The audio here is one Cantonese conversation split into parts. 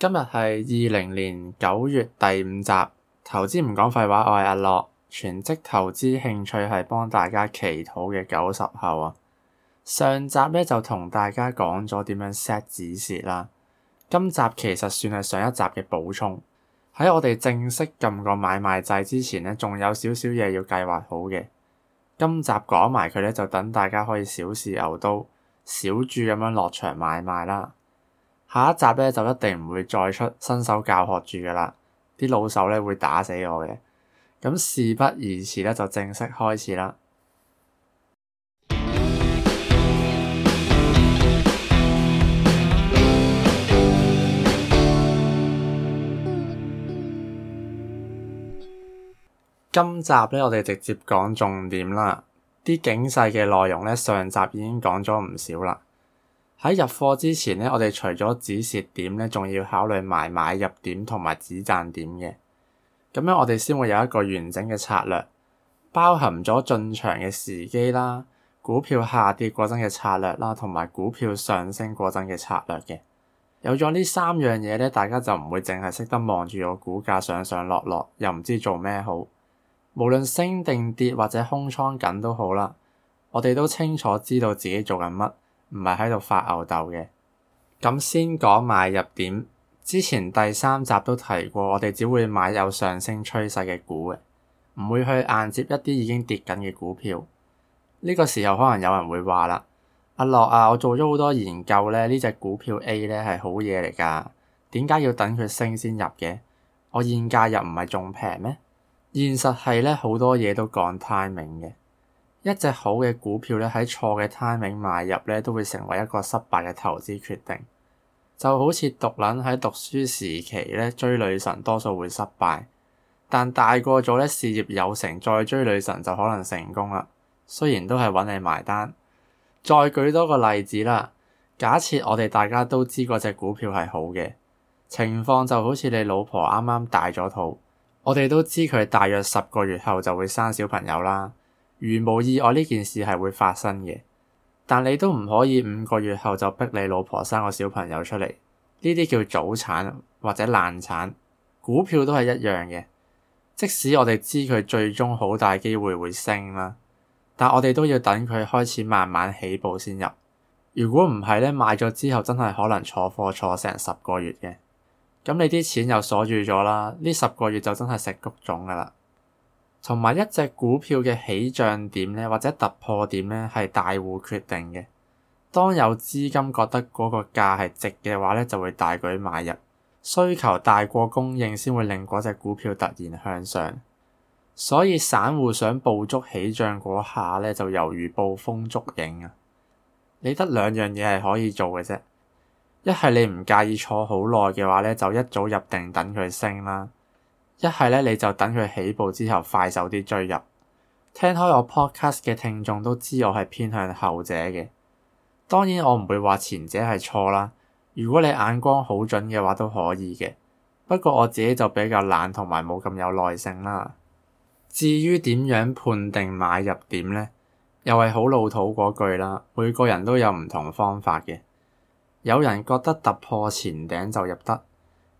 今日係二零年九月第五集，投資唔講廢話，我係阿樂，全職投資興趣係幫大家祈禱嘅九十後啊。上集咧就同大家講咗點樣 set 止蝕啦。今集其實算係上一集嘅補充，喺我哋正式撳個買賣掣之前咧，仲有少少嘢要計劃好嘅。今集講埋佢咧，就等大家可以小試牛刀，小注咁樣落場買賣啦。下一集呢，就一定唔會再出新手教學住噶啦，啲老手呢，會打死我嘅。咁事不宜遲呢，就正式開始啦。 今集呢，我哋直接講重點啦。啲警示嘅內容呢，上集已經講咗唔少啦。喺入貨之前咧，我哋除咗止蝕點咧，仲要考慮埋買,買入點同埋止賺點嘅。咁樣我哋先會有一個完整嘅策略，包含咗進場嘅時機啦、股票下跌嗰陣嘅策略啦，同埋股票上升嗰陣嘅策略嘅。有咗呢三樣嘢咧，大家就唔會淨係識得望住個股價上上落落，又唔知做咩好。無論升定跌或者空倉緊都好啦，我哋都清楚知道自己做緊乜。唔係喺度發吽哣嘅，咁先講買入點。之前第三集都提過，我哋只會買有上升趨勢嘅股嘅，唔會去硬接一啲已經跌緊嘅股票。呢個時候可能有人會話啦，阿樂啊，我做咗好多研究咧，呢隻股票 A 咧，係好嘢嚟噶，點解要等佢升先入嘅？我現價入唔係仲平咩？現實係咧，好多嘢都講 timing 嘅。一隻好嘅股票咧，喺錯嘅 timing 買入咧，都會成為一個失敗嘅投資決定。就好似毒撚喺讀書時期咧追女神，多數會失敗，但大個咗咧事業有成，再追女神就可能成功啦。雖然都係搵你埋單。再舉多個例子啦，假設我哋大家都知嗰隻股票係好嘅情況，就好似你老婆啱啱大咗肚，我哋都知佢大約十個月後就會生小朋友啦。如無意外，呢件事係會發生嘅，但你都唔可以五個月後就逼你老婆生個小朋友出嚟。呢啲叫早產或者難產。股票都係一樣嘅，即使我哋知佢最終好大機會會升啦，但我哋都要等佢開始慢慢起步先入。如果唔係咧，買咗之後真係可能坐貨坐成十個月嘅，咁你啲錢又鎖住咗啦。呢十個月就真係食谷種㗎啦。同埋一隻股票嘅起漲點咧，或者突破點咧，係大戶決定嘅。當有資金覺得嗰個價係值嘅話咧，就會大舉買入，需求大過供應先會令嗰隻股票突然向上。所以散戶想捕捉起漲嗰下咧，就猶如捕風捉影啊！你得兩樣嘢係可以做嘅啫，一係你唔介意坐好耐嘅話咧，就一早入定等佢升啦。一係咧，你就等佢起步之後，快手啲追入。聽開我 podcast 嘅聽眾都知我係偏向後者嘅。當然我唔會話前者係錯啦。如果你眼光好準嘅話都可以嘅。不過我自己就比較懶同埋冇咁有耐性啦。至於點樣判定買入點咧，又係好老土嗰句啦。每個人都有唔同方法嘅。有人覺得突破前頂就入得。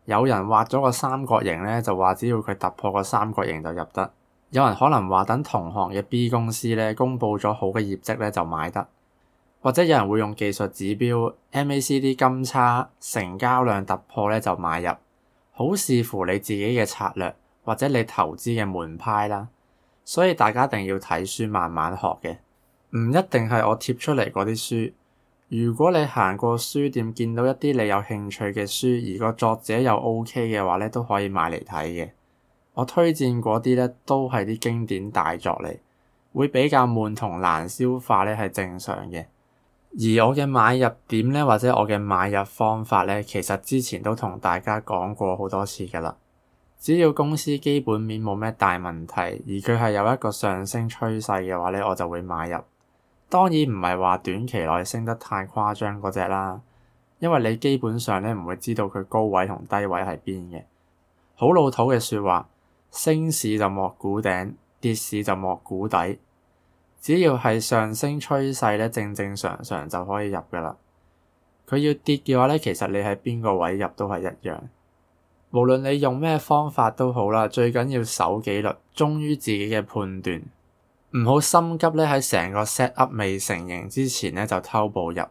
有人畫咗個三角形咧，就話只要佢突破個三角形就入得。有人可能話等同行嘅 B 公司咧，公佈咗好嘅業績咧，就買得，或者有人會用技術指標 MACD 金叉、成交量突破咧，就買入。好視乎你自己嘅策略或者你投資嘅門派啦。所以大家一定要睇書慢慢學嘅，唔一定係我貼出嚟嗰啲書。如果你行過書店見到一啲你有興趣嘅書，而個作者又 OK 嘅話咧，都可以買嚟睇嘅。我推薦嗰啲咧都係啲經典大作嚟，會比較悶同難消化咧係正常嘅。而我嘅買入點咧或者我嘅買入方法咧，其實之前都同大家講過好多次㗎啦。只要公司基本面冇咩大問題，而佢係有一個上升趨勢嘅話咧，我就會買入。當然唔係話短期內升得太誇張嗰隻啦，因為你基本上咧唔會知道佢高位同低位係邊嘅。好老土嘅説話，升市就莫估頂，跌市就莫估底。只要係上升趨勢咧，正正常常就可以入㗎啦。佢要跌嘅話咧，其實你喺邊個位入都係一樣，無論你用咩方法都好啦。最緊要守紀律，忠於自己嘅判斷。唔好心急咧，喺成個 set up 未成形之前咧，就偷步入。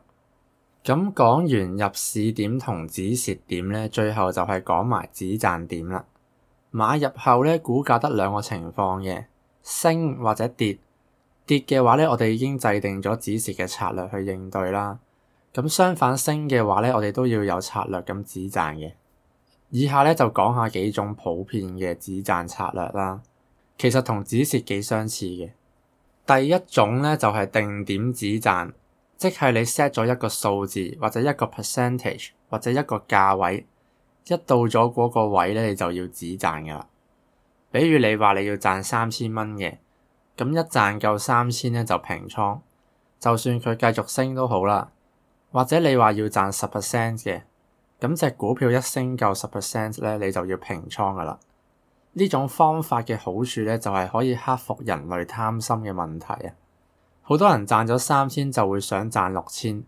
咁講完入市點同止蝕點咧，最後就係講埋止賺點啦。買入後咧，股價得兩個情況嘅，升或者跌。跌嘅話咧，我哋已經制定咗止蝕嘅策略去應對啦。咁相反升嘅話咧，我哋都要有策略咁止賺嘅。以下咧就講下幾種普遍嘅止賺策略啦。其實同止蝕幾相似嘅。第一種咧就係定點止賺，即係你 set 咗一個數字或者一個 percentage 或者一個價位，一到咗嗰個位咧，你就要止賺㗎啦。比如你話你要賺三千蚊嘅，咁一賺夠三千咧就平倉，就算佢繼續升都好啦。或者你話要賺十 percent 嘅，咁隻股票一升夠十 percent 咧，你就要平倉噶啦。呢種方法嘅好處咧，就係可以克服人類貪心嘅問題啊！好多人賺咗三千就會想賺六千，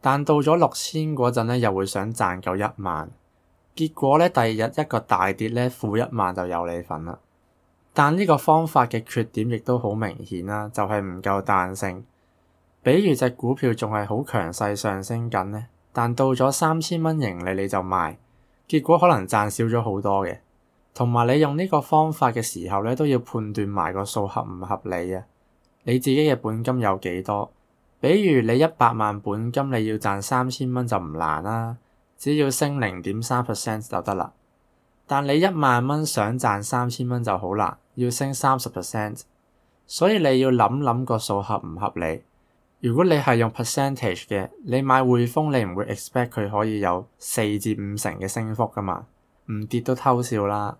但到咗六千嗰陣咧，又會想賺夠一萬。結果咧，第二日一個大跌咧，負一萬就有你份啦。但呢個方法嘅缺點亦都好明顯啦，就係唔夠彈性。比如隻股票仲係好強勢上升緊咧，但到咗三千蚊盈利你就賣，結果可能賺少咗好多嘅。同埋，你用呢個方法嘅時候咧，都要判斷埋個數合唔合理啊。你自己嘅本金有幾多？比如你一百萬本金，你要賺三千蚊就唔難啦，只要升零點三 percent 就得啦。但你一萬蚊想賺三千蚊就好難，要升三十 percent。所以你要諗諗個數合唔合理。如果你係用 percentage 嘅，你買匯豐，你唔會 expect 佢可以有四至五成嘅升幅噶嘛。唔跌都偷笑啦！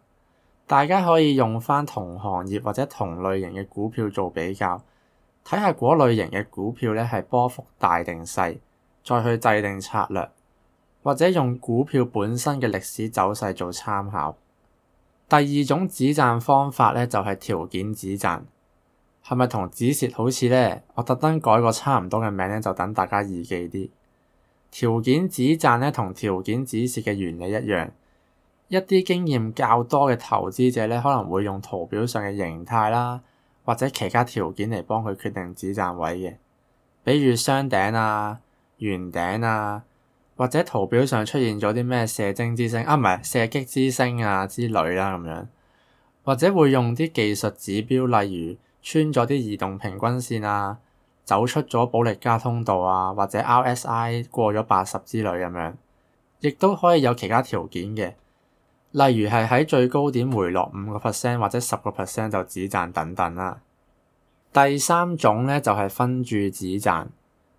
大家可以用翻同行業或者同類型嘅股票做比較，睇下嗰類型嘅股票咧係波幅大定細，再去制定策略，或者用股票本身嘅歷史走勢做參考。第二種止賺方法咧就係條件止賺，係咪同止蝕好似咧？我特登改個差唔多嘅名咧，就等大家易記啲。條件止賺咧同條件止蝕嘅原理一樣。一啲經驗較多嘅投資者咧，可能會用圖表上嘅形態啦，或者其他條件嚟幫佢決定止賺位嘅，比如雙頂啊、圓頂啊，或者圖表上出現咗啲咩射精之星啊，唔係射擊之星啊之類啦咁樣，或者會用啲技術指標，例如穿咗啲移動平均線啊，走出咗保力加通道啊，或者 RSI 過咗八十之類咁樣，亦都可以有其他條件嘅。例如係喺最高點回落五個 percent 或者十個 percent 就止賺等等啦。第三種咧就係分住止賺，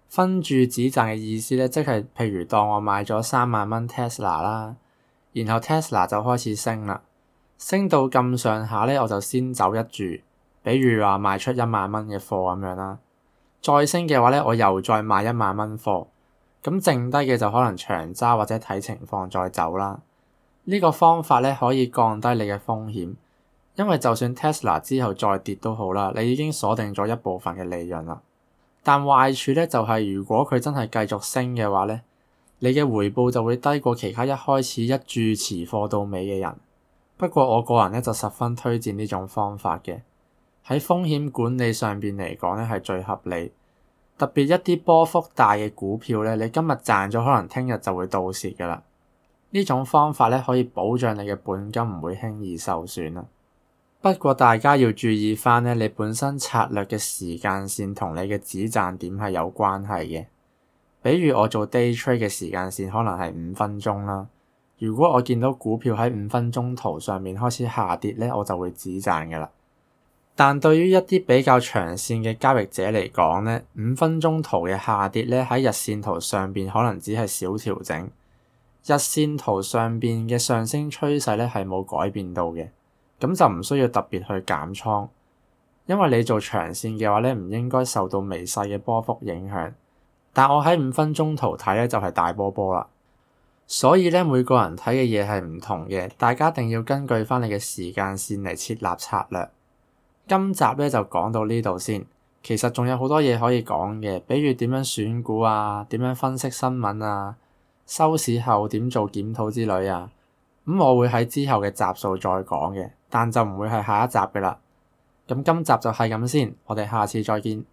分住止賺嘅意思咧，即係譬如當我買咗三萬蚊 Tesla 啦，然後 Tesla 就開始升啦，升到咁上下咧，我就先走一注，比如話賣出一萬蚊嘅貨咁樣啦。再升嘅話咧，我又再賣一萬蚊貨，咁剩低嘅就可能長揸或者睇情況再走啦。呢個方法咧，可以降低你嘅風險，因為就算 Tesla 之後再跌都好啦，你已經鎖定咗一部分嘅利潤啦。但壞處咧就係如果佢真係繼續升嘅話咧，你嘅回報就會低過其他一開始一注持貨到尾嘅人。不過我個人咧就十分推薦呢種方法嘅，喺風險管理上邊嚟講咧係最合理。特別一啲波幅大嘅股票咧，你今日賺咗可能聽日就會倒蝕噶啦。呢種方法咧可以保障你嘅本金唔會輕易受損啊！不過大家要注意翻咧，你本身策略嘅時間線同你嘅止賺點係有關係嘅。比如我做 day trade 嘅時間線可能係五分鐘啦，如果我見到股票喺五分鐘圖上面開始下跌咧，我就會止賺㗎喇。但對於一啲比較長線嘅交易者嚟講咧，五分鐘圖嘅下跌咧喺日線圖上邊可能只係小調整。日線圖上邊嘅上升趨勢咧係冇改變到嘅，咁就唔需要特別去減倉，因為你做長線嘅話咧，唔應該受到微細嘅波幅影響。但我喺五分鐘圖睇咧就係大波波啦，所以咧每個人睇嘅嘢係唔同嘅，大家一定要根據翻你嘅時間線嚟設立策略。今集咧就講到呢度先，其實仲有好多嘢可以講嘅，比如點樣選股啊，點樣分析新聞啊。收市後點做檢討之類啊，咁我會喺之後嘅集數再講嘅，但就唔會係下一集嘅啦。咁今集就係咁先，我哋下次再見。